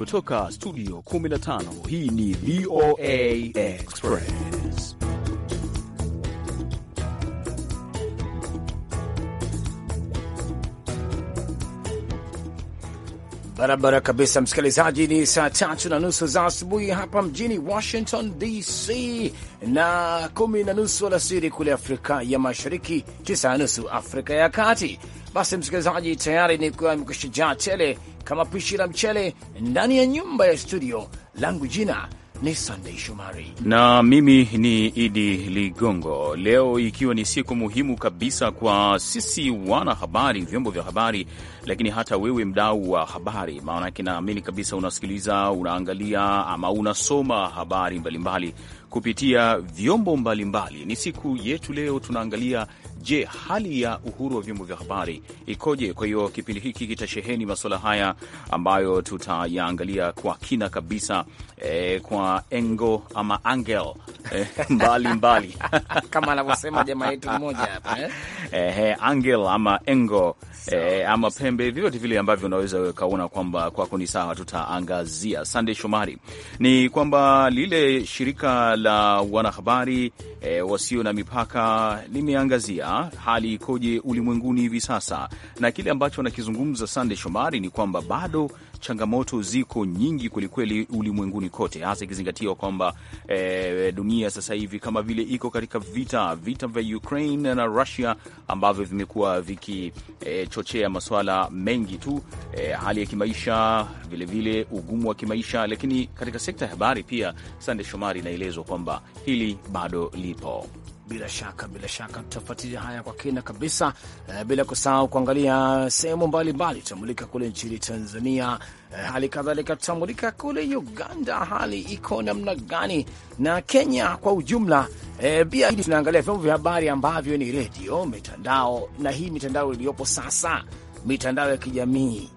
Kutoka studio 15 hii ni VOA Express. Barabara kabisa, msikilizaji. Ni saa tatu na nusu za asubuhi hapa mjini Washington DC na kumi na nusu alasiri kule Afrika ya Mashariki, tisa na nusu Afrika ya Kati. Basi msikilizaji, tayari ni kuwa mkusha tele kama pishi la mchele ndani ya nyumba ya studio langu. Jina ni sandei Shomari na mimi ni Idi Ligongo. Leo ikiwa ni siku muhimu kabisa kwa sisi wana habari, vyombo vya habari, lakini hata wewe mdau wa habari, maanake naamini kabisa unasikiliza, unaangalia ama unasoma habari mbalimbali mbali kupitia vyombo mbalimbali mbali. Ni siku yetu leo, tunaangalia Je, hali ya uhuru wa vyombo vya habari ikoje? Kwa hiyo kipindi hiki kitasheheni masuala haya ambayo tutayaangalia kwa kina kabisa, eh, kwa engo ama angel eh, mbali kama anavyosema jamaa yetu mmoja hapa eh? Eh, angel ama engo so, eh, ama pembe, vyote vile ambavyo unaweza ukaona kwamba kwako ni sawa, tutaangazia. Sande Shomari, ni kwamba lile shirika la wanahabari eh, wasio na mipaka limeangazia Kenya hali ikoje ulimwenguni hivi sasa, na kile ambacho anakizungumza Sande Shomari ni kwamba bado changamoto ziko nyingi kwelikweli ulimwenguni kote, hasa ikizingatiwa kwamba e, dunia sasa hivi kama vile iko katika vita vita vya Ukraine na Russia ambavyo vimekuwa vikichochea eh, e, masuala mengi tu e, hali ya kimaisha vilevile vile, ugumu wa kimaisha. Lakini katika sekta ya habari pia, Sande Shomari, inaelezwa kwamba hili bado lipo. Bila shaka, bila shaka tutafuatilia haya kwa kina kabisa, eh, bila kusahau kuangalia sehemu mbalimbali. Tutamulika kule nchini Tanzania, eh, hali kadhalika tutamulika kule Uganda, hali iko namna gani, na Kenya kwa ujumla. Eh, pia eh, tunaangalia vyombo vya habari ambavyo ni redio, mitandao, na hii mitandao iliyopo sasa, mitandao ya kijamii,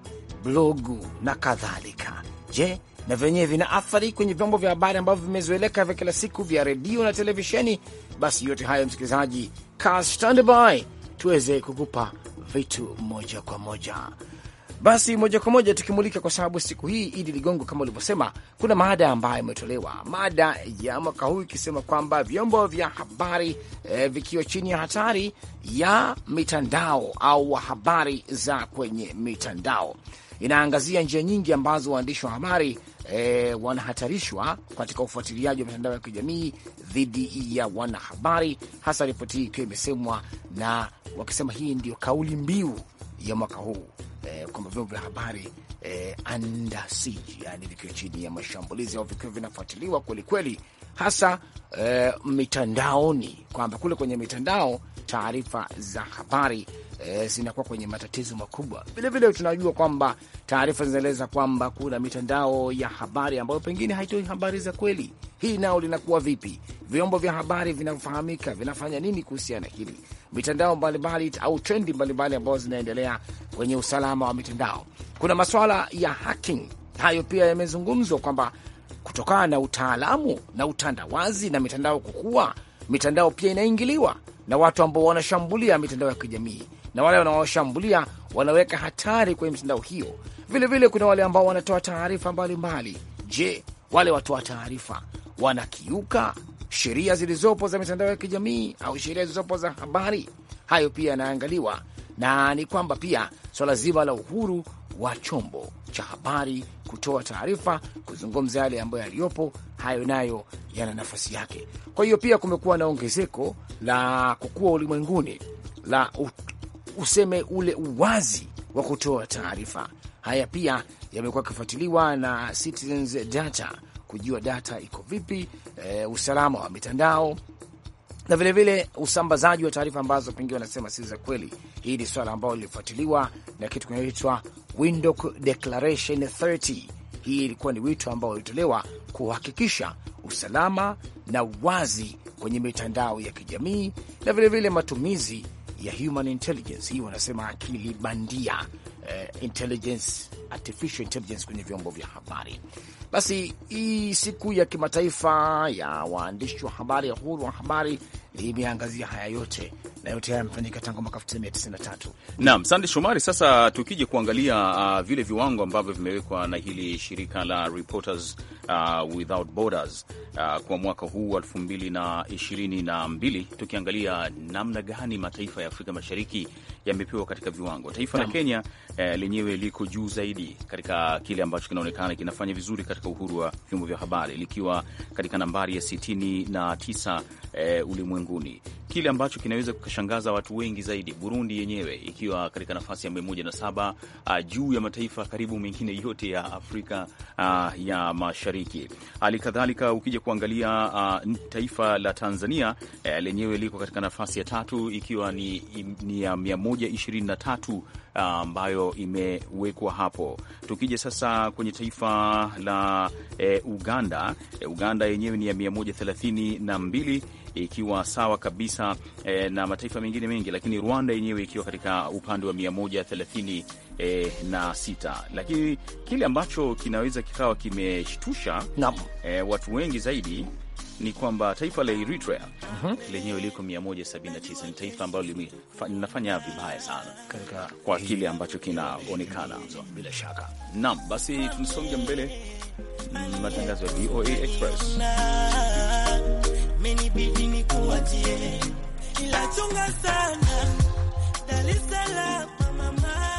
blogu na kadhalika. Je, na vyenyewe vina athari kwenye vyombo vya habari ambavyo vimezoeleka vya kila siku vya redio na televisheni basi yote hayo, msikilizaji, ka standby tuweze kukupa vitu moja kwa moja. Basi moja kwa moja tukimulika, kwa sababu siku hii Idi Ligongo, kama ulivyosema, kuna mada ambayo imetolewa, mada ya mwaka huu ikisema kwamba vyombo vya habari e, vikiwa chini ya hatari ya mitandao au habari za kwenye mitandao inaangazia njia nyingi ambazo waandishi wa habari e, wanahatarishwa katika ufuatiliaji wa mitandao ya kijamii dhidi ya wanahabari, hasa ripoti hii ikiwa imesemwa na wakisema hii ndio kauli mbiu ya mwaka huu e, kwamba vyombo vya habari e, under siege, yani vikiwa chini ya mashambulizi au vikiwa vinafuatiliwa kwelikweli hasa e, mitandaoni, kwamba kule kwenye mitandao taarifa za habari e, zinakuwa kwenye matatizo makubwa. Vilevile tunajua kwamba taarifa zinaeleza kwamba kuna mitandao ya habari ambayo pengine haitoi habari za kweli. Hii nao linakuwa vipi? Vyombo vya habari vinafahamika vinafanya nini kuhusiana na hili? Mitandao mbalimbali au trendi mbalimbali ambazo zinaendelea kwenye usalama wa mitandao. Kuna maswala ya hacking, hayo pia yamezungumzwa kwamba kutokana na utaalamu na utandawazi na mitandao kukua, mitandao pia inaingiliwa na watu ambao wanashambulia mitandao ya kijamii, na wale wanaoshambulia wanaweka hatari kwenye mitandao hiyo. Vilevile kuna wale ambao wanatoa taarifa mbalimbali. Je, wale watoa taarifa wanakiuka sheria zilizopo za mitandao ya kijamii au sheria zilizopo za habari? Hayo pia yanaangaliwa, na ni kwamba pia swala so zima la uhuru wa chombo cha habari kutoa taarifa, kuzungumza yale ambayo yaliyopo, hayo nayo yana nafasi yake. Kwa hiyo pia kumekuwa na ongezeko la kukua ulimwenguni la useme ule uwazi wa kutoa taarifa. Haya pia yamekuwa akifuatiliwa na Citizens Data kujua data iko vipi, e, usalama wa mitandao na vilevile vile usambazaji wa taarifa ambazo pengine wanasema si za kweli. Hii ni swala ambayo lilifuatiliwa na kitu kinaitwa Windhoek Declaration 30. Hii ilikuwa ni wito ambao ulitolewa kuhakikisha usalama na uwazi kwenye mitandao ya kijamii na vilevile vile matumizi ya human intelligence, hii wanasema akili bandia, uh, intelligence, artificial intelligence kwenye vyombo vya habari. Basi hii siku ya kimataifa ya waandishi wa habari ya uhuru wa habari imeangazia haya yote na yote haya yamefanyika tangu mwaka 1993. Naam, sande Shomari. Sasa tukije kuangalia uh, vile viwango ambavyo vimewekwa na hili shirika la Reporters uh, Without Borders uh, kwa mwaka huu 2022, tukiangalia namna gani mataifa ya Afrika Mashariki yamepewa katika viwango. Taifa la Kenya eh, lenyewe liko juu zaidi katika kile ambacho kinaonekana kinafanya vizuri katika uhuru wa vyombo vya habari likiwa katika nambari ya 69 eh, ulimwenguni. Kile ambacho kinaweza kinachoshangaza watu wengi zaidi, Burundi yenyewe ikiwa katika nafasi ya mia moja na saba uh, juu ya mataifa karibu mengine yote ya Afrika uh, ya Mashariki. Hali kadhalika ukija kuangalia uh, taifa la Tanzania uh, lenyewe liko katika nafasi ya tatu ikiwa ni, ni ya mia moja ishirini na tatu ambayo uh, imewekwa hapo. Tukija sasa kwenye taifa la uh, Uganda uh, Uganda yenyewe ni ya mia moja thelathini na mbili ikiwa sawa kabisa e, na mataifa mengine mengi, lakini Rwanda yenyewe ikiwa katika upande wa 136 e, eh, Lakini kile ambacho kinaweza kikawa kimeshtusha e, watu wengi zaidi ni kwamba taifa la Eritrea mm -hmm. lenyewe liko 179 ni taifa ambalo linafanya vibaya sana Karika, kwa kile ambacho kinaonekana. Bila shaka naam, basi tunasonga mbele matangazo ya VOA Express menibidi nikuachie, ila chunga sana Dar es Salaam mama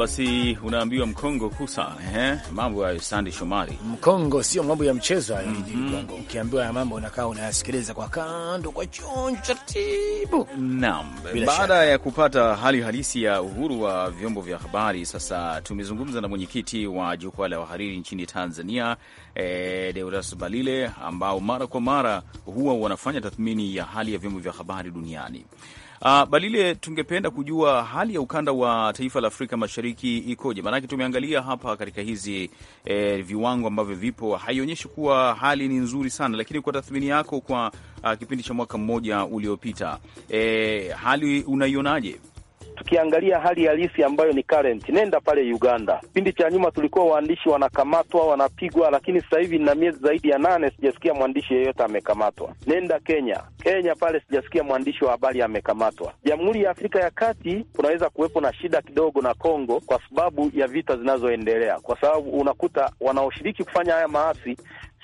basi unaambiwa mkongo kusa eh? mambo ya Sandi Shomari, mkongo sio mambo ya mchezo mm -hmm ukiambiwa ya mambo unakaa unayasikiliza kwa kando kwa chonjo taratibu. Naam, baada ya kupata hali halisi ya uhuru wa vyombo vya habari, sasa tumezungumza na mwenyekiti wa jukwaa la wahariri nchini Tanzania e, Deodatus Balile ambao mara kwa mara huwa wanafanya tathmini ya hali ya vyombo vya habari duniani. Uh, Balile, tungependa kujua hali ya ukanda wa taifa la Afrika Mashariki ikoje? Maanake tumeangalia hapa katika hizi eh, viwango ambavyo vipo haionyeshi kuwa hali ni nzuri sana sana, lakini kwa tathmini yako kwa uh, kipindi cha mwaka mmoja uliopita, e, hali unaionaje? Tukiangalia hali halisi ambayo ni current, nenda pale Uganda. Kipindi cha nyuma tulikuwa waandishi wanakamatwa, wanapigwa, lakini sasa hivi na miezi zaidi ya nane sijasikia mwandishi yeyote amekamatwa. Nenda Kenya, Kenya pale sijasikia mwandishi wa habari amekamatwa. Jamhuri ya Afrika ya Kati kunaweza kuwepo na shida kidogo na Kongo kwa sababu ya vita zinazoendelea, kwa sababu unakuta wanaoshiriki kufanya haya maasi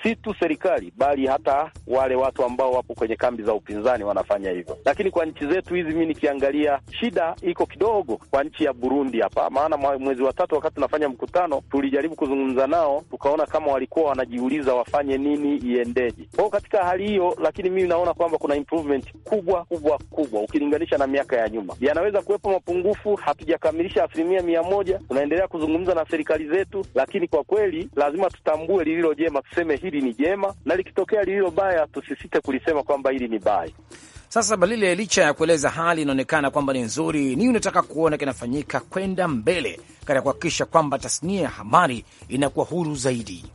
si tu serikali bali hata wale watu ambao wapo kwenye kambi za upinzani wanafanya hivyo. Lakini kwa nchi zetu hizi, mi nikiangalia shida iko kidogo kwa nchi ya Burundi hapa, maana mwezi wa tatu wakati tunafanya mkutano tulijaribu kuzungumza nao, tukaona kama walikuwa wanajiuliza wafanye nini, iendeje kwao katika hali hiyo. Lakini mimi naona kwamba kuna improvement kubwa kubwa kubwa ukilinganisha na miaka ya nyuma. Yanaweza kuwepo mapungufu, hatujakamilisha asilimia mia moja, tunaendelea kuzungumza na serikali zetu, lakini kwa kweli lazima tutambue lililo jema, tuseme hili ni jema, na likitokea lililo baya tusisite kulisema kwamba hili ni baya. Sasa Balile, licha ya kueleza hali inaonekana kwamba ni nzuri, ni unataka kuona kinafanyika kwenda mbele katika kuhakikisha kwamba tasnia ya habari inakuwa huru zaidi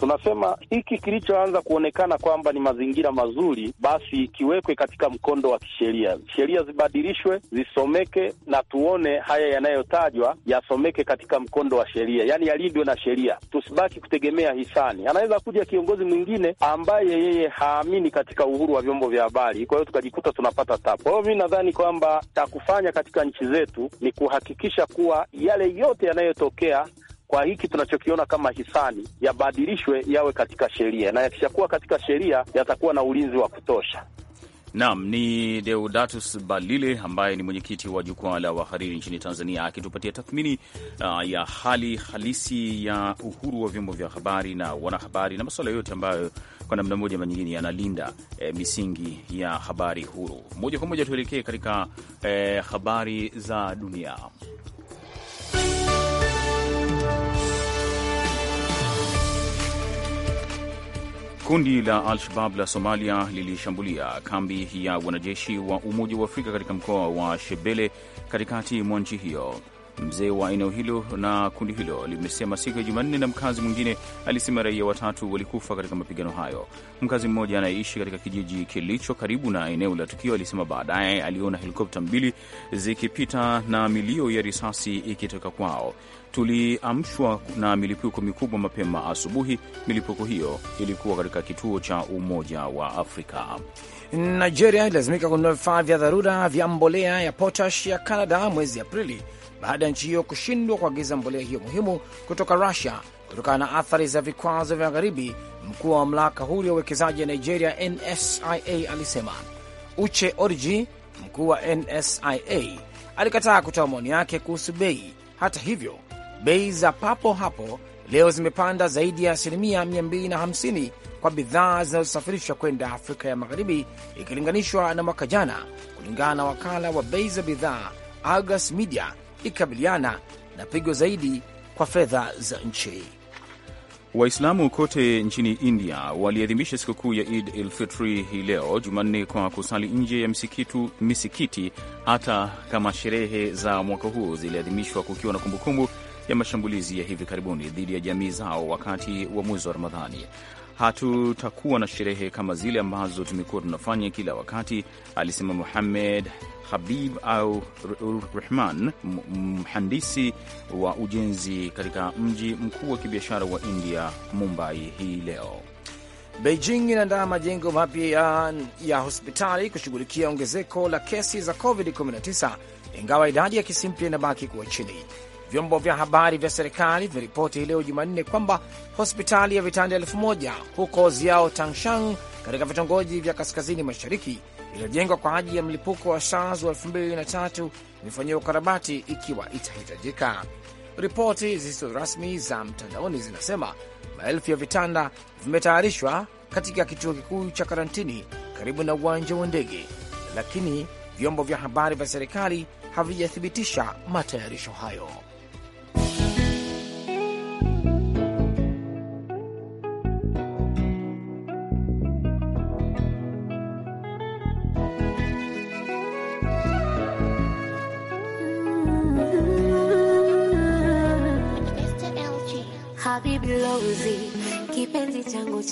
tunasema hiki kilichoanza kuonekana kwamba ni mazingira mazuri, basi kiwekwe katika mkondo wa kisheria. Sheria zibadilishwe, zisomeke na tuone haya yanayotajwa yasomeke katika mkondo wa sheria, yaani yalindwe na sheria, tusibaki kutegemea hisani. Anaweza kuja kiongozi mwingine ambaye yeye haamini katika uhuru wa vyombo vya habari, kwa hiyo tukajikuta tunapata tabu. Kwa hiyo mi nadhani kwamba cha kufanya katika nchi zetu ni kuhakikisha kuwa yale yote yanayotokea kwa hiki tunachokiona kama hisani yabadilishwe yawe katika sheria, na yakishakuwa katika sheria yatakuwa na ulinzi wa kutosha. Naam, ni Deodatus Balile ambaye ni mwenyekiti wa jukwaa la wahariri nchini Tanzania akitupatia tathmini uh, ya hali halisi ya uhuru wa vyombo vya habari na wanahabari na masuala yote ambayo kwa namna moja ama nyingine yanalinda e, misingi ya habari huru. Moja kwa moja tuelekee katika e, habari za dunia. Kundi la Al-Shabab la Somalia lilishambulia kambi ya wanajeshi wa Umoja wa Afrika katika mkoa wa Shebele katikati mwa nchi hiyo. Mzee wa eneo hilo na kundi hilo limesema siku ya Jumanne, na mkazi mwingine alisema raia watatu walikufa katika mapigano hayo. Mkazi mmoja anayeishi katika kijiji kilicho karibu na eneo la tukio alisema baadaye aliona helikopta mbili zikipita na milio ya risasi ikitoka kwao. Tuliamshwa na milipuko mikubwa mapema asubuhi. Milipuko hiyo ilikuwa katika kituo cha Umoja wa Afrika. Nigeria ililazimika kununua vifaa vya dharura vya mbolea ya potash ya Canada mwezi Aprili baada ya nchi hiyo kushindwa kuagiza mbolea hiyo muhimu kutoka Rusia kutokana na athari za vikwazo vya Magharibi. Mkuu wa mamlaka huru ya uwekezaji ya Nigeria, NSIA, alisema. Uche Orji, mkuu wa NSIA, alikataa kutoa maoni yake kuhusu bei. Hata hivyo, bei za papo hapo leo zimepanda zaidi ya asilimia 250 kwa bidhaa zinazosafirishwa kwenda Afrika ya Magharibi ikilinganishwa na mwaka jana, kulingana na wakala wa bei za bidhaa Argus Media ikikabiliana na pigo zaidi kwa fedha za nchi. Waislamu kote nchini India waliadhimisha sikukuu ya Id el Fitri hii leo Jumanne kwa kusali nje ya misikitu, misikiti hata kama sherehe za mwaka huu ziliadhimishwa kukiwa na kumbukumbu ya mashambulizi ya hivi karibuni dhidi ya jamii zao wakati wa mwezi wa Ramadhani hatutakuwa na sherehe kama zile ambazo tumekuwa tunafanya kila wakati, alisema Muhamed Habib au Rahman, mhandisi wa ujenzi katika mji mkuu wa kibiashara wa India, Mumbai. Hii leo Beijing inaandaa majengo mapya ya, ya hospitali kushughulikia ongezeko la kesi za COVID-19 ingawa idadi ya kesi mpya inabaki kuwa chini. Vyombo vya habari vya serikali vimeripoti leo Jumanne kwamba hospitali ya vitanda elfu moja huko Ziao Tangshang katika vitongoji vya kaskazini mashariki iliyojengwa kwa ajili ya mlipuko wa SARS wa 2003 imefanyiwa ukarabati ikiwa itahitajika. Ripoti zisizo rasmi za mtandaoni zinasema maelfu ya vitanda vimetayarishwa katika kituo kikuu cha karantini karibu na uwanja wa ndege, lakini vyombo vya habari vya serikali havijathibitisha matayarisho hayo.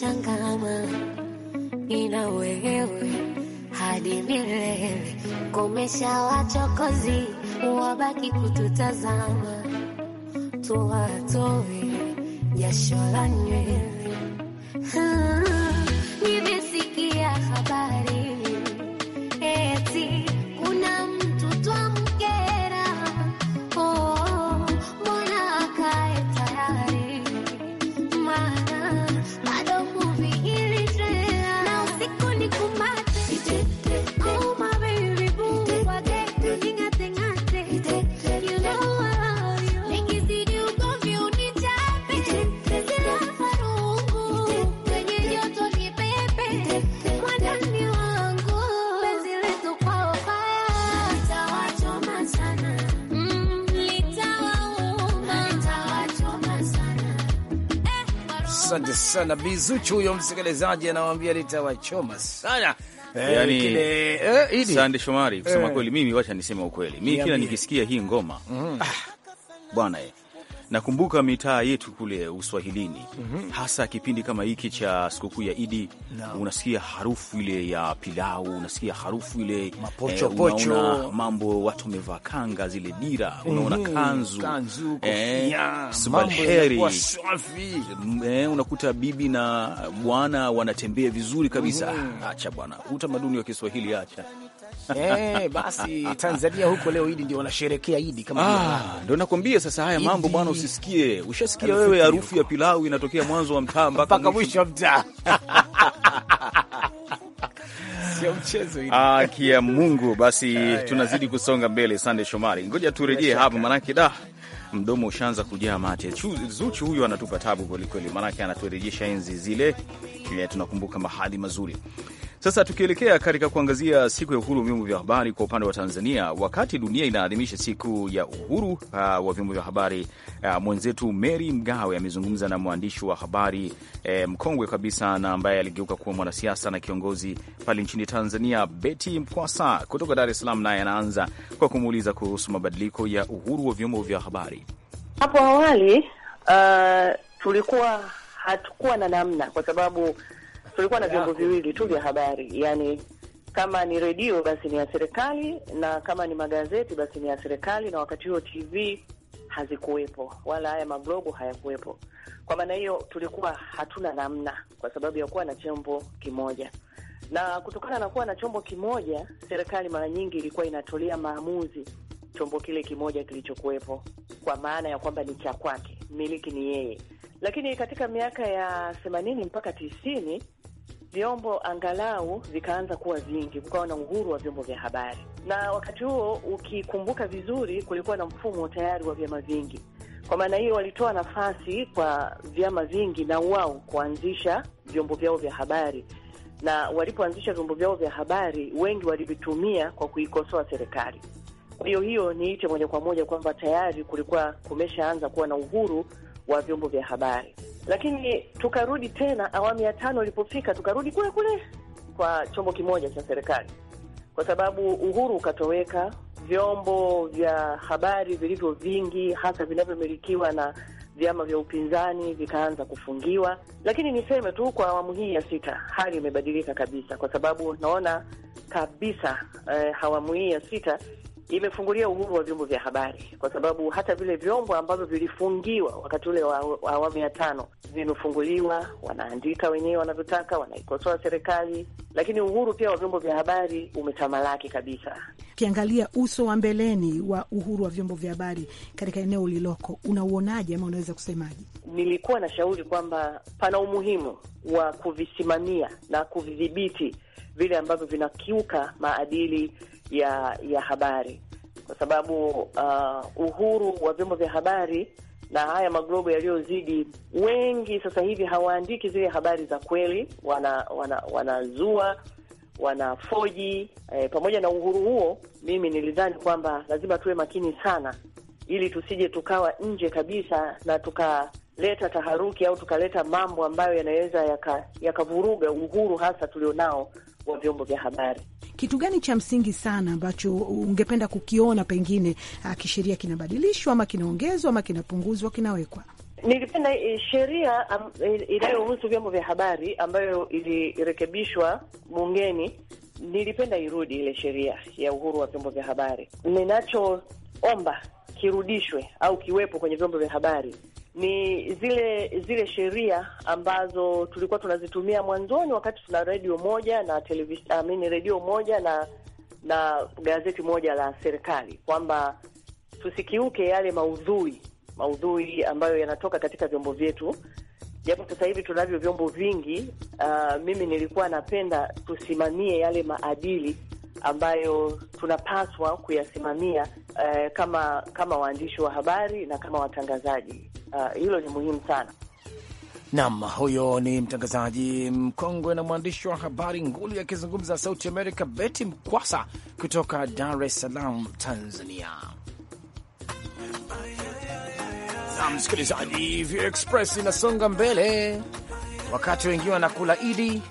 changama nina wewe hadi milele. Komesha wachokozi, wabaki kututazama, tuwatoe jasho la nywele Asante sana Bizuchu, huyo msikilizaji anawambia litawachoma sana. Yani, eh, yaani, eh Sande Shomari, kusema eh, kweli mimi wacha niseme ukweli, mimi kila nikisikia hii ngoma mm -hmm. ah, bwana eh, nakumbuka mitaa yetu kule Uswahilini mm -hmm. hasa kipindi kama hiki cha sikukuu ya Idi no. unasikia harufu ile ya pilau, unasikia harufu ile mapochopocho eh, unaona mambo watu wamevaa kanga zile dira mm -hmm. unaona kanzu, kanzu eh, subalheri eh, unakuta bibi na bwana wanatembea vizuri kabisa mm -hmm. acha bwana, utamaduni wa Kiswahili acha Eh, basi Tanzania huko leo Idi ndio wanasherekea Idi kama ah, ndio nakwambia sasa. Haya mambo bwana, usisikie, ushasikia wewe harufu ya pilau inatokea mwanzo wa mtaa mpaka mwisho wa mtaa ah, kia Mungu, basi tunazidi kusonga mbele. Sande Shomari, ngoja turejee hapa, manake da mdomo ushaanza kujaa mate. Zuchu huyu anatupa tabu kwelikweli, manake anaturejesha enzi zile, eh, tunakumbuka mahali mazuri sasa tukielekea katika kuangazia siku ya uhuru wa vyombo vya habari kwa upande wa Tanzania, wakati dunia inaadhimisha siku ya uhuru uh, wa vyombo vya habari uh, mwenzetu Mary Mgawe amezungumza na mwandishi wa habari eh, mkongwe kabisa na ambaye aligeuka kuwa mwanasiasa na kiongozi pale nchini Tanzania, Betty Mkwasa kutoka Dar es Salaam, naye anaanza kwa kumuuliza kuhusu mabadiliko ya uhuru wa vyombo vya habari. Hapo awali uh, tulikuwa hatukuwa na namna, kwa sababu tulikuwa na vyombo viwili tu vya mm. habari, yani kama ni redio basi ni ya serikali, na kama ni magazeti basi ni ya serikali, na wakati huo TV hazikuwepo wala haya mablogo hayakuwepo. Kwa maana hiyo, tulikuwa hatuna namna, kwa sababu ya kuwa na chombo kimoja, na kutokana na kuwa na chombo kimoja, serikali mara nyingi ilikuwa inatolea maamuzi chombo kile kimoja kilichokuwepo, kwa maana ya kwamba ni cha kwake, miliki ni yeye lakini katika miaka ya themanini mpaka tisini vyombo angalau vikaanza kuwa vingi, kukawa na uhuru wa vyombo vya habari. Na wakati huo ukikumbuka vizuri, kulikuwa na mfumo tayari wa vyama vingi. Kwa maana hiyo, walitoa nafasi kwa vyama vingi na wao kuanzisha vyombo vyao vya habari, na walipoanzisha vyombo vyao vya habari, wengi walivitumia kwa kuikosoa serikali. Kwa hiyo hiyo niite moja kwa moja kwamba tayari kulikuwa kumeshaanza kuwa na uhuru wa vyombo vya habari. Lakini tukarudi tena awamu ya tano ilipofika, tukarudi kule kule kwa chombo kimoja cha serikali, kwa sababu uhuru ukatoweka. Vyombo vya habari vilivyo vingi, hasa vinavyomilikiwa na vyama vya upinzani vikaanza kufungiwa. Lakini niseme tu kwa awamu hii ya sita hali imebadilika kabisa, kwa sababu naona kabisa eh, awamu hii ya sita imefungulia uhuru wa vyombo vya habari, kwa sababu hata vile vyombo ambavyo vilifungiwa wakati ule wa awamu ya tano vimefunguliwa, wanaandika wenyewe wanavyotaka, wanaikosoa serikali, lakini uhuru pia wa vyombo vya habari umetamalaki kabisa. Ukiangalia uso wa mbeleni wa uhuru wa vyombo vya habari katika eneo uliloko, unauonaje ama unaweza kusemaje? Nilikuwa na shauri kwamba pana umuhimu wa kuvisimamia na kuvidhibiti vile ambavyo vinakiuka maadili ya ya habari, kwa sababu uh, uhuru wa vyombo vya habari na haya maglobo yaliyozidi, wengi sasa hivi hawaandiki zile habari za kweli, wana wanazua wana wanafoji. eh. pamoja na uhuru huo, mimi nilidhani kwamba lazima tuwe makini sana, ili tusije tukawa nje kabisa na tukaleta taharuki au tukaleta mambo ambayo yanaweza yakavuruga yaka uhuru hasa tulionao wa vyombo vya habari. Kitu gani cha msingi sana ambacho ungependa kukiona pengine ah, kisheria kinabadilishwa ama kinaongezwa ama kinapunguzwa kinawekwa? Nilipenda eh, sheria eh, inayohusu vyombo vya habari ambayo ilirekebishwa bungeni, nilipenda irudi ile sheria ya uhuru wa vyombo vya habari. Ninachoomba kirudishwe au kiwepo kwenye vyombo vya habari ni zile zile sheria ambazo tulikuwa tunazitumia mwanzoni wakati tuna redio moja na televisheni redio moja na na gazeti moja la serikali kwamba tusikiuke yale maudhui maudhui ambayo yanatoka katika vyombo vyetu, japo sasa hivi tunavyo vyombo vingi. Uh, mimi nilikuwa napenda tusimamie yale maadili ambayo tunapaswa kuyasimamia uh, kama kama waandishi wa habari na kama watangazaji. Uh, hilo ni muhimu sana. Nam, huyo ni mtangazaji mkongwe na mwandishi wa habari nguli akizungumza Sauti Amerika, Beti Mkwasa kutoka Dar es Salaam, Tanzania. Na msikilizaji, vexpress express inasonga mbele, wakati wengine wanakula Idi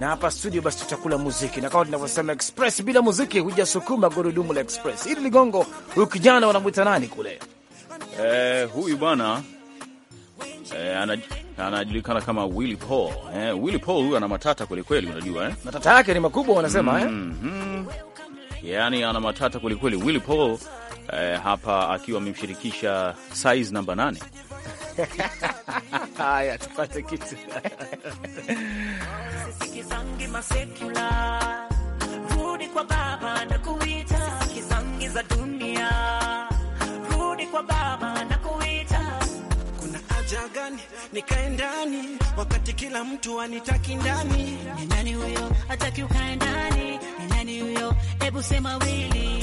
na hapa studio basi tutakula muziki, na kama tunavyosema express, bila muziki hujasukuma gurudumu la express. Ili Ligongo, huyu kijana wanamwita nani kule? Eh, huyu bwana eh, anajulikana kama Willy Paul eh, Willy Paul huyu ana matata kwelikweli, unajua eh? matata yake ni makubwa wanasema mm -hmm. eh? Mm-hmm. Yani ana matata kwelikweli Willy Paul eh, hapa akiwa amemshirikisha size namba nane. Haya, tupate kitu sisikizangi masekula, rudi kwa baba na kuita, sisikizangi za dunia, rudi kwa baba na kuita. Kuna aja gani nikae ndani wakati kila mtu anitaki ndani? Ni nani huyo hataki ukae ndani? Ni nani huyo? Hebu sema wili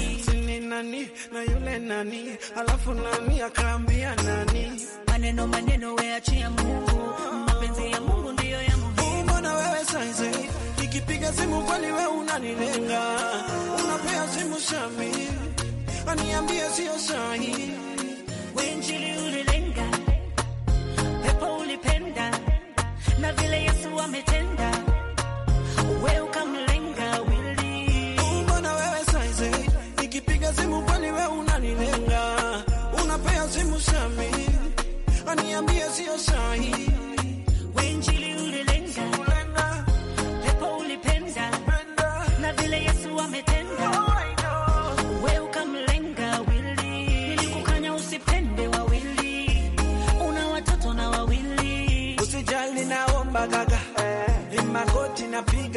nani na yule nani, alafu nani akaambia nani? Maneno maneno, weachia Mungu, mapenzi ya Mungu ndiyo ya muhimu unanilenga, unapea simu sami, aniambia sio sahi, wenjili ulilenga, pepo ulipenda, na vile Yesu ametenda wewe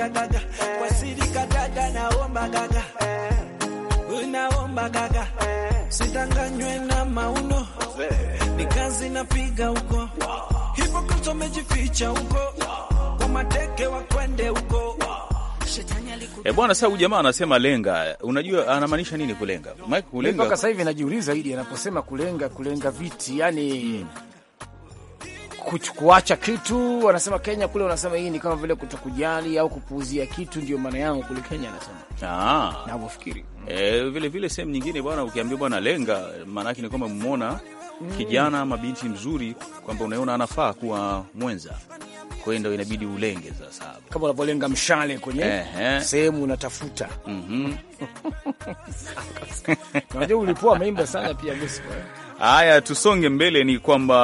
gaga kwa siri kadada, naomba gaga, naomba gaga, na mauno, ni kazi napiga huko, hivyo huko kwa mateke huko E bwana, sasa huyu jamaa anasema lenga, unajua anamaanisha nini kulenga? Mike, kulenga mpaka sasa hivi najiuliza, hili anaposema kulenga, kulenga viti yani mm kuacha kitu, wanasema Kenya kule, wanasema hii ni kama vile kutokujali au kupuuzia kitu, ndio maana yangu kule Kenya, anasema ah, navyofikiri e, eh, vile vile sehemu nyingine bwana, ukiambia bwana lenga, maanake ni kwamba mmona mm, kijana ama binti mzuri kwamba unaona anafaa kuwa mwenza kwa hiyo ndo inabidi ulenge sasa, kama unavyolenga mshale kwenye eh, sehemu unatafuta. Mhm. Unajua, ulipoa ameimba sana pia gospel Haya, tusonge mbele. Ni kwamba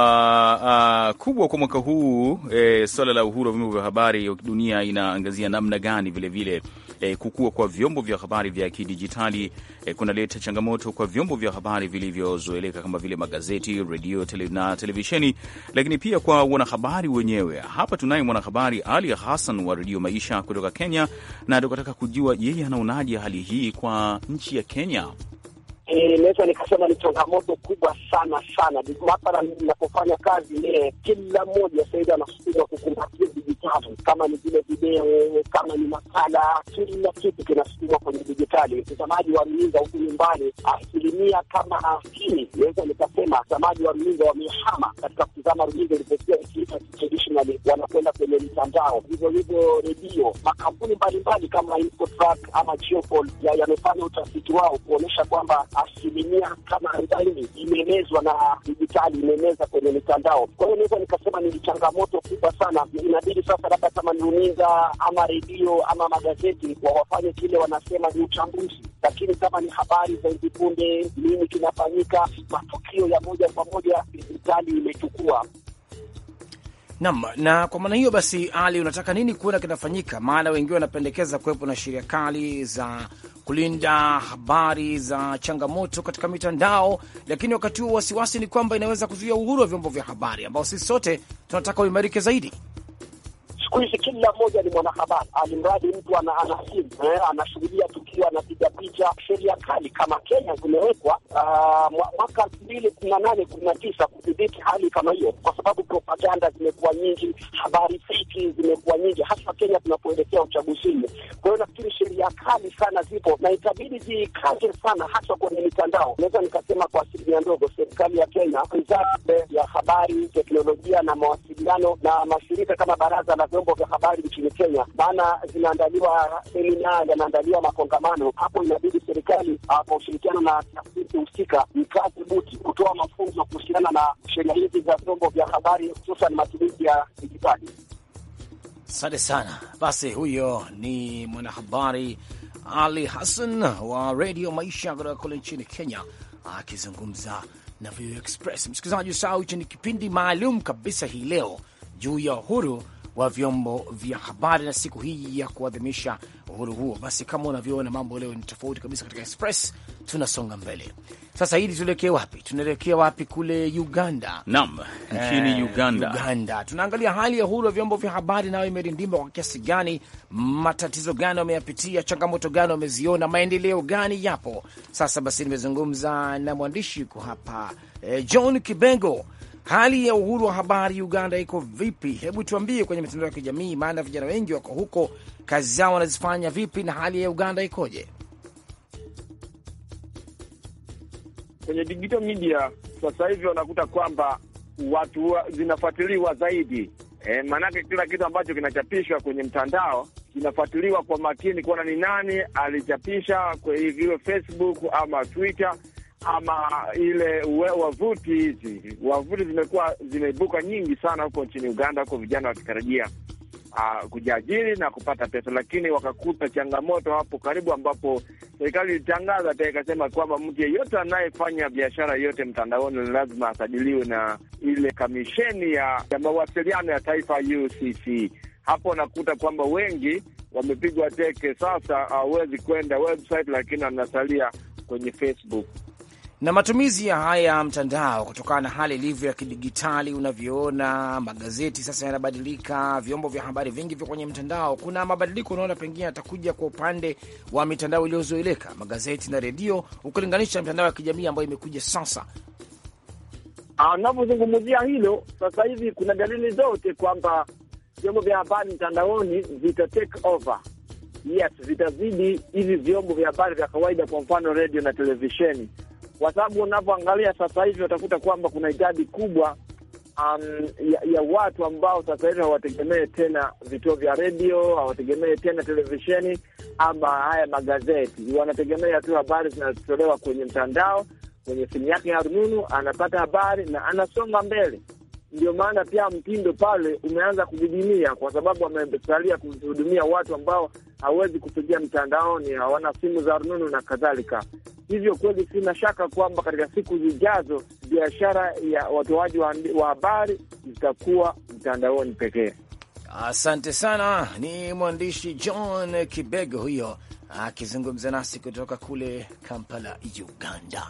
uh, kubwa kwa mwaka huu eh, swala la uhuru wa vyombo vya habari dunia inaangazia namna gani vilevile vile, eh, kukua kwa vyombo vya habari vya kidijitali eh, kunaleta changamoto kwa vyombo vya habari vilivyozoeleka kama vile magazeti, redio tele, na televisheni, lakini pia kwa wanahabari wenyewe. Hapa tunaye mwanahabari Ali Hassan wa Redio Maisha kutoka Kenya, na tukataka kujua yeye anaonaje hali hii kwa nchi ya Kenya inaweza eh, e, nikasema ni changamoto kubwa sana sana. Mathalan, ninapofanya kazi e, kila mmoja saidi anasukumwa kukumbatia dijitali, kama ni vile video, kama ni makala, kila kitu kinasukumwa kwenye dijitali. Mtazamaji wa Miinga huku nyumbani, asilimia kama asini naweza nikasema watazamaji wa Miinga wamehama katika kutizama runinga ilipokuwa ikiita traditionally, wanakwenda kwenye mitandao. Hivyo hivyo redio, makampuni mbalimbali kama Infotrack ama Geopol yamefanya utafiti wao kuonyesha kwamba asilimia kama arobaini imeenezwa na dijitali, imeeneza kwenye mitandao. Kwa hiyo naweza nikasema ni changamoto kubwa sana. Inabidi sasa, labda kama ni runinga ama redio ama magazeti, wawafanye kile wanasema ni uchambuzi, lakini kama ni habari za hivi punde, nini kinafanyika, matukio ya moja kwa moja, dijitali imechukua Nam, na kwa maana hiyo basi, Ali, unataka nini kuona kinafanyika? Maana wengi wanapendekeza kuwepo na sheria kali za kulinda habari za changamoto katika mitandao, lakini wakati huo wasiwasi ni kwamba inaweza kuzuia uhuru wa vyombo vya habari ambao sisi sote tunataka uimarike zaidi. Siku hizi kila mmoja ni mwanahabari, alimradi mtu ana ana simu eh, anashughulia tukio, anapiga picha. Sheria kali kama Kenya zimewekwa ah, mwaka elfu mbili kumi na nane kumi na tisa kudhibiti hali kama hiyo, kwa sababu propaganda zimekuwa nyingi, habari fiki zimekuwa nyingi, hasa Kenya tunapoelekea uchaguzini. Kwa hiyo nafikiri sheria kali sana zipo na itabidi ziikaze sana, hasa kwenye mitandao. Naweza nikasema kwa asilimia ndogo, serikali ya Kenya, wizara ya habari, teknolojia na mawasiliano na mashirika kama baraza la vyombo vya habari nchini Kenya, maana zinaandaliwa semina, yanaandaliwa makongamano. Hapo inabidi serikali ah, kwa ushirikiano na taasisi husika ikaze buti kutoa mafunzo kuhusiana na sheria hizi za vyombo vya habari, hususan matumizi ya dijitali. Asante sana. Basi huyo ni mwanahabari Ali Hassan wa Redio Maisha kutoka kule nchini Kenya akizungumza na VOA Express. Msikilizaji, usahau hicho ni kipindi maalum kabisa hii leo juu ya uhuru wa vyombo vya habari na siku hii ya kuadhimisha uhuru huo. Basi kama unavyoona mambo leo ni tofauti kabisa katika Express, tunasonga mbele sasa. Hili tuelekee wapi? Tunaelekea wapi? Kule Uganda. Naam, nchini eh, Uganda. Uganda tunaangalia hali ya uhuru wa vyombo vya habari, nayo imerindimba kwa kiasi gani? Matatizo gani wameyapitia? Changamoto gani wameziona? Maendeleo gani yapo? Sasa basi, nimezungumza na mwandishi hapa eh, John Kibengo Hali ya uhuru wa habari Uganda iko vipi? Hebu tuambie kwenye mitandao ya kijamii, maana vijana wengi wako huko, kazi zao wanazifanya vipi na hali ya Uganda ikoje? Kwenye digital media sasa hivi wanakuta kwamba watu zinafuatiliwa zaidi e, maanake kila kitu ambacho kinachapishwa kwenye mtandao kinafuatiliwa kwa makini kuona ni nani alichapisha, kwa hivyo Facebook ama Twitter ama ile wavuti hizi, wavuti zimekuwa zimeibuka nyingi sana huko nchini Uganda, huko vijana wakitarajia uh, kujiajiri na kupata pesa, lakini wakakuta changamoto hapo karibu, ambapo serikali ilitangaza hata ikasema kwamba mtu yeyote anayefanya biashara yote mtandaoni lazima asajiliwe na ile kamisheni ya, ya mawasiliano ya taifa UCC. Hapo nakuta kwamba wengi wamepigwa teke. Sasa hawezi uh, kwenda website, lakini anasalia kwenye Facebook na matumizi ya haya mtandao kutokana na hali ilivyo ya kidigitali. Unavyoona magazeti sasa yanabadilika, vyombo vya habari vingi vyo kwenye mtandao. Kuna mabadiliko unaona pengine yatakuja kwa upande wa mitandao iliyozoeleka, magazeti na redio, ukilinganisha mitandao ya kijamii ambayo imekuja sasa. Anavyozungumzia ah, hilo sasa hivi, kuna dalili zote kwamba vyombo vya habari mtandaoni vita take over. Yes, vitazidi hivi vyombo vya habari vya kawaida, kwa mfano redio na televisheni kwa sababu unavyoangalia sasa hivi utakuta kwamba kuna idadi kubwa Um, ya, ya watu ambao sasa hivi hawategemee tena vituo vya redio, hawategemee tena televisheni ama haya magazeti, wanategemea tu habari zinazotolewa kwenye mtandao, kwenye simu yake ya rununu, anapata habari na anasonga mbele. Ndio maana pia mtindo pale umeanza kudidimia, kwa sababu amesalia kuhudumia watu ambao hawezi kupigia mtandaoni, hawana simu za rununu na kadhalika. Hivyo kweli sina shaka kwamba katika siku zijazo biashara ya watoaji wa habari zitakuwa mtandaoni pekee. Asante sana. Ni mwandishi John Kibego huyo akizungumza nasi kutoka kule Kampala, Uganda.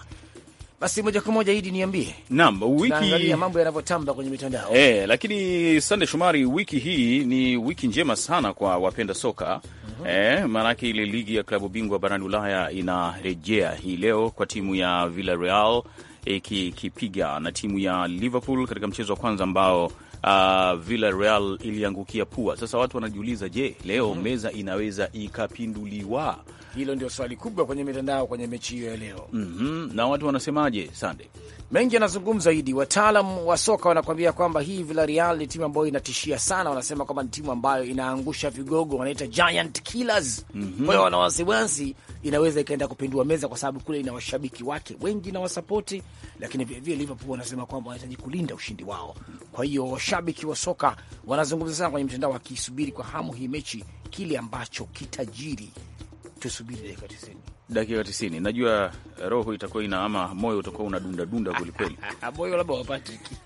Basi moja kwa moja Idi, niambie. Naam, wiki mambo yanavyotamba kwenye mitandao. Eh, lakini Sande Shomari, wiki hii ni wiki njema sana kwa wapenda soka eh, maanake ile ligi ya klabu bingwa barani Ulaya inarejea hii leo kwa timu ya Villarreal ikipiga na timu ya Liverpool katika mchezo wa kwanza ambao Uh, Villarreal iliangukia pua. Sasa watu wanajiuliza, je, leo mhm. meza inaweza ikapinduliwa? Hilo ndio swali kubwa kwenye mitandao kwenye mechi hiyo ya leo. mm -hmm. Na watu wanasemaje? Sande, mengi yanazungumza zaidi. Wataalam wa soka wanakuambia kwamba hii Villarreal ni timu ambayo inatishia sana, wanasema kwamba ni timu ambayo inaangusha vigogo, wanaita giant killers. mm -hmm. Kwa hiyo wana wasiwasi inaweza ikaenda kupindua meza, kwa sababu kule ina washabiki wake wengi na wasapoti, lakini vilevile Liverpool wanasema kwamba wanahitaji kulinda ushindi wao. Kwa hiyo washabiki wa soka wanazungumza sana kwenye mitandao, wakisubiri kwa hamu hii mechi, kile ambacho kitajiri tusubiri dakika tisini dakika tisini. Najua eh, roho itakuwa ina ama moyo utakuwa unadundadunda kwelikweli. Ah, moyo labda wapatiki.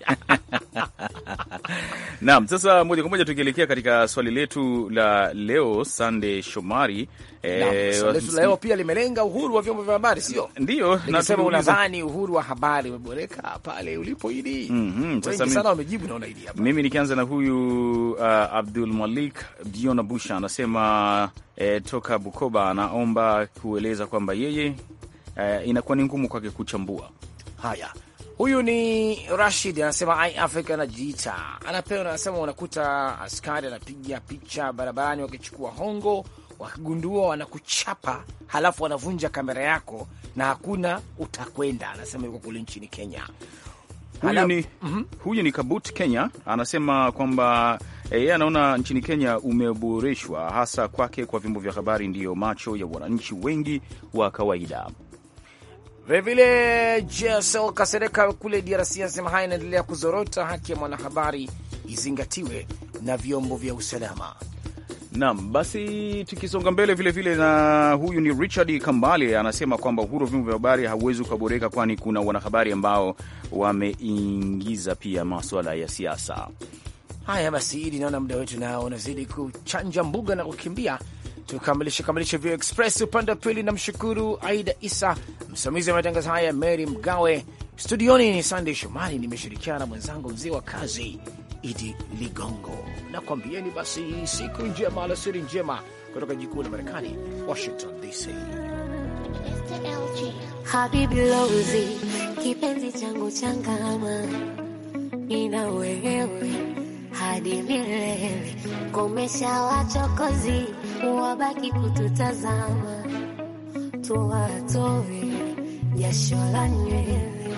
Naam, sasa moja kwa moja tukielekea katika swali letu la leo, Sande Shomari. E, swali letu la leo pia limelenga uhuru wa vyombo vya habari, sio ndio? Nasema unadhani uhuru wa habari umeboreka pale ulipo Idi? mm -hmm. Sasa mimi sana wamejibu, naona Idi hapa mimi nikianza na huyu uh, Abdul Malik Diona Busha anasema eh, toka Bukoba anaomba kueleza kwamba yeye eh, inakuwa ni ngumu kwake kuchambua haya. Huyu ni Rashid anasema i Africa anajiita anapewa, anasema unakuta askari anapiga picha barabarani wakichukua hongo, wakigundua wanakuchapa, halafu wanavunja kamera yako na hakuna utakwenda. Anasema yuko kule nchini Kenya. Huyu ni, mm -hmm. huyu ni Kabut Kenya anasema kwamba eh, yeye anaona nchini Kenya umeboreshwa hasa kwake kwa vyombo vya habari, ndiyo macho ya wananchi wengi wa kawaida. Vilevile Jesel Kasereka kule DRC anasema haya inaendelea kuzorota, haki ya mwanahabari izingatiwe na vyombo vya usalama. Naam, basi tukisonga mbele vilevile vile, na huyu ni Richard Kambale anasema kwamba uhuru wa vyombo vya habari hauwezi ukaboreka, kwani kuna wanahabari ambao wameingiza pia maswala ya siasa. Haya basi, ili naona muda wetu nao unazidi kuchanja mbuga na kukimbia, tukamilishe kamilishe Vio Express upande wa pili. Namshukuru Aida Isa, msimamizi wa matangazo haya, Mary Mgawe studioni, ni Sandey Shomari, nimeshirikiana na mwenzangu mzee wa kazi Idi Ligongo na kuambieni basi siku njema, alasiri njema, kutoka jikuu la Marekani, Washington DC. Habibi Lozi, kipenzi changu changama, nina wewe hadi milele. Komesha wachokozi, wabaki kututazama, tuwatoe jasho la nywele